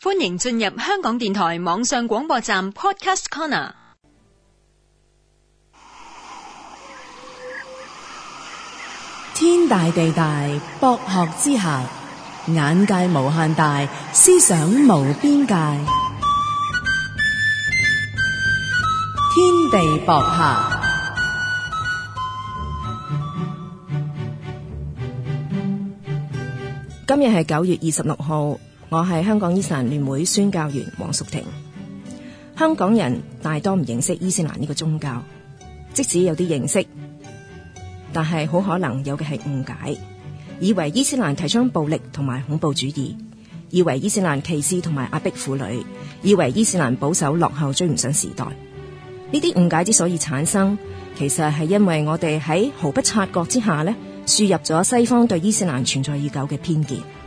歡迎進入香港電台網上廣播站 Podcast Corner。天大地大，博學之下，眼界無限大，思想無邊界。天地博客。今日係九月二十六號。我係香港伊斯蘭聯會宣教員黃淑婷。香港人大多唔認識伊斯蘭呢個宗教，即使有啲認識，但係好可能有嘅係誤解，以為伊斯蘭提倡暴力同埋恐怖主義，以為伊斯蘭歧視同埋壓迫婦女，以為伊斯蘭保守落後追唔上時代。呢啲誤解之所以產生，其實係因為我哋喺毫不察覺之下呢輸入咗西方對伊斯蘭存在已久嘅偏見。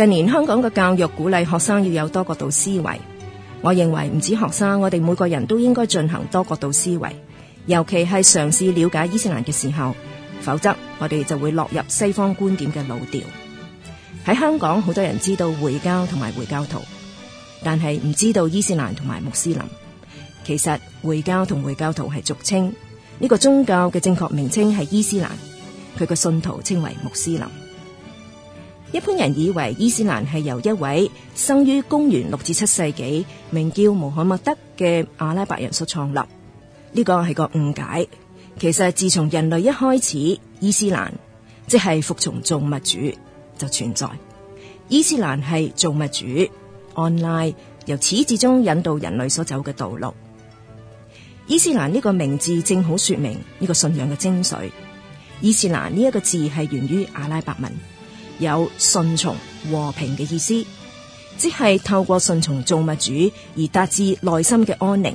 近年香港嘅教育鼓勵學生要有多角度思維，我認為唔止學生，我哋每個人都應該進行多角度思維，尤其係嘗試了解伊斯蘭嘅時候，否則我哋就會落入西方觀點嘅老調。喺香港，好多人知道回教同埋回教徒，但係唔知道伊斯蘭同埋穆斯林。其實回教同回教徒係俗稱，呢個宗教嘅正確名稱係伊斯蘭，佢嘅信徒稱為穆斯林。一般人以為伊斯蘭係由一位生於公元六至七世紀名叫穆罕默德嘅阿拉伯人所創立，呢個係個誤解。其實自從人類一開始，伊斯蘭即係服從造物主就存在。伊斯蘭係造物主安拉由始至終引導人類所走嘅道路。伊斯蘭呢個名字正好說明呢個信仰嘅精髓。伊斯蘭呢一個字係源於阿拉伯文，有順從和平嘅意思，即係透過順從造物主而達至內心嘅安寧，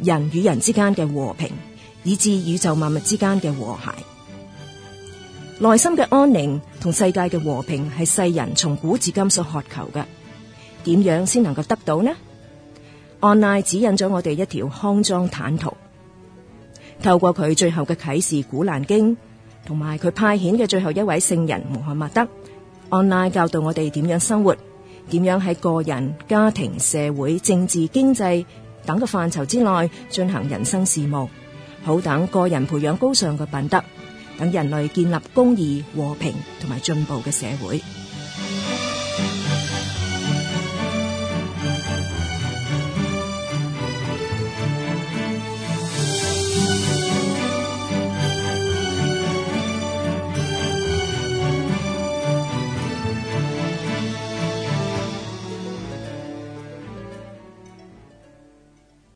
人與人之間嘅和平，以致宇宙萬物之間嘅和諧。內心嘅安寧同世界嘅和平係世人從古至今所渴求嘅。點樣先能夠得到呢？安拉指引咗我哋一條康莊坦途，透過佢最後嘅啟示《古蘭經》，同埋佢派遣嘅最後一位聖人穆罕默德。安拉教導我哋點樣生活，點樣喺個人、家庭、社會、政治、經濟等嘅範疇之內進行人生事務，好等個人培養高尚嘅品德，等人類建立公義、和平同埋進步嘅社會。